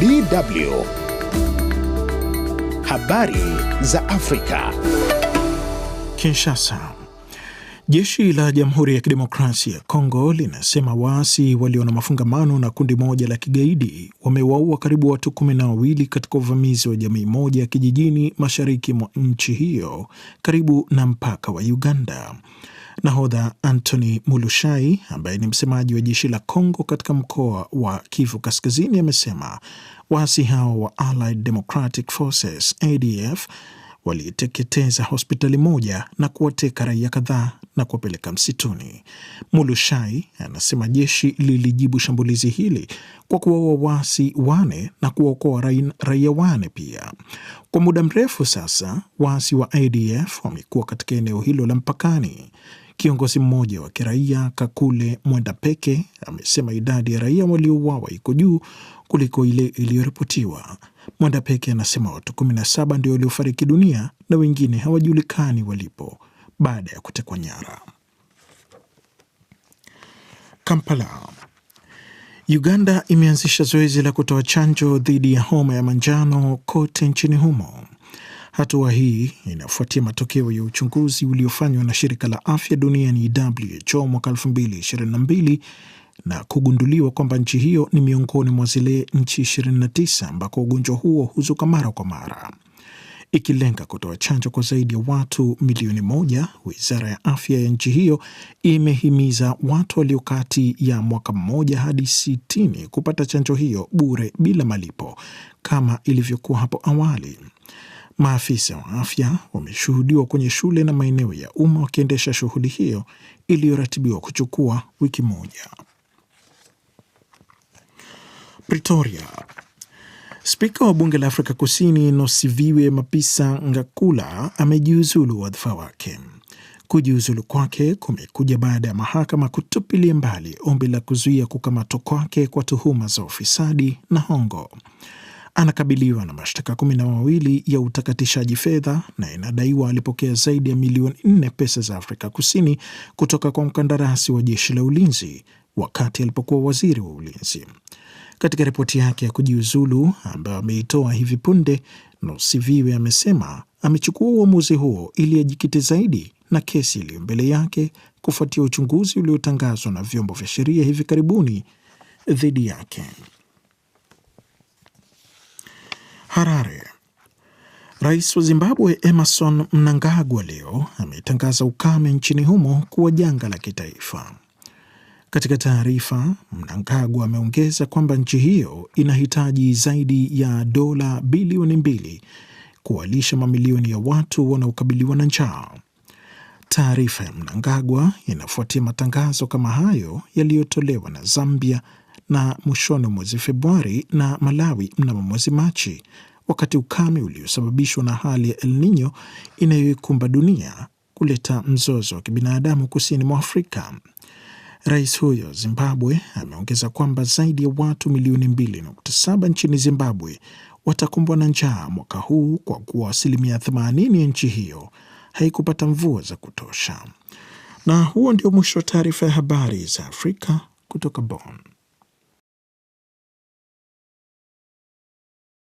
DW. Habari za Afrika. Kinshasa. Jeshi la Jamhuri ya Kidemokrasia ya Kongo linasema waasi walio na mafungamano na kundi moja la kigaidi wamewaua karibu watu kumi na wawili katika uvamizi wa jamii moja kijijini mashariki mwa nchi hiyo karibu na mpaka wa Uganda. Nahodha Antony Mulushai, ambaye ni msemaji wa jeshi la congo katika mkoa wa Kivu Kaskazini, amesema waasi hao wa Allied Democratic Forces ADF waliteketeza hospitali moja na kuwateka raia kadhaa na kuwapeleka msituni. Mulushai anasema jeshi lilijibu shambulizi hili kwa kuwaua waasi wane na kuwaokoa raia wane pia. Kwa muda mrefu sasa waasi wa ADF wamekuwa katika eneo hilo la mpakani. Kiongozi mmoja wa kiraia Kakule Mwenda Peke amesema idadi ya raia waliouawa iko juu kuliko ile iliyoripotiwa. Mwenda Peke anasema watu kumi na saba ndio waliofariki dunia na wengine hawajulikani walipo baada ya kutekwa nyara. Kampala. Uganda imeanzisha zoezi la kutoa chanjo dhidi ya homa ya manjano kote nchini humo. Hatua hii inafuatia matokeo ya uchunguzi uliofanywa na shirika la afya duniani WHO mwaka 2022 na kugunduliwa kwamba nchi hiyo ni miongoni mwa zile nchi 29 ambako ugonjwa huo huzuka mara kwa mara. Ikilenga kutoa chanjo kwa zaidi ya watu milioni moja, wizara ya afya ya nchi hiyo imehimiza watu walio kati ya mwaka mmoja hadi sitini kupata chanjo hiyo bure bila malipo kama ilivyokuwa hapo awali. Maafisa wa afya wameshuhudiwa kwenye shule na maeneo ya umma wakiendesha shughuli hiyo iliyoratibiwa kuchukua wiki moja. Pretoria. Spika wa bunge la Afrika Kusini Nosiviwe Mapisa Ngakula amejiuzulu wadhifa wake. Kujiuzulu kwake kumekuja baada ya mahakama kutupilia mbali ombi la kuzuia kukamatwa kwake kwa tuhuma za ufisadi na hongo anakabiliwa na mashtaka kumi na mawili ya utakatishaji fedha na inadaiwa alipokea zaidi ya milioni nne pesa za Afrika Kusini kutoka kwa mkandarasi wa jeshi la ulinzi wakati alipokuwa waziri wa ulinzi. Katika ripoti yake ya kujiuzulu ambayo ameitoa hivi punde, Nosiviwe amesema amechukua uamuzi huo ili ajikite zaidi na kesi iliyo mbele yake kufuatia uchunguzi uliotangazwa na vyombo vya sheria hivi karibuni dhidi yake. Harare. Rais wa Zimbabwe Emerson Mnangagwa leo ametangaza ukame nchini humo kuwa janga la kitaifa. Katika taarifa, Mnangagwa ameongeza kwamba nchi hiyo inahitaji zaidi ya dola bilioni mbili kuwalisha mamilioni ya watu wanaokabiliwa na njaa. Taarifa ya Mnangagwa inafuatia matangazo kama hayo yaliyotolewa na Zambia na mwishoni mwezi Februari na Malawi mnamo mwezi Machi, wakati ukame uliosababishwa na hali ya El Nino inayoikumba dunia kuleta mzozo wa kibinadamu kusini mwa Afrika. Rais huyo Zimbabwe ameongeza kwamba zaidi ya watu milioni 2.7 nchini Zimbabwe watakumbwa na njaa mwaka huu kwa kuwa asilimia 80 ya nchi hiyo haikupata mvua za kutosha. Na huo ndio mwisho wa taarifa ya habari za Afrika kutoka Bonn.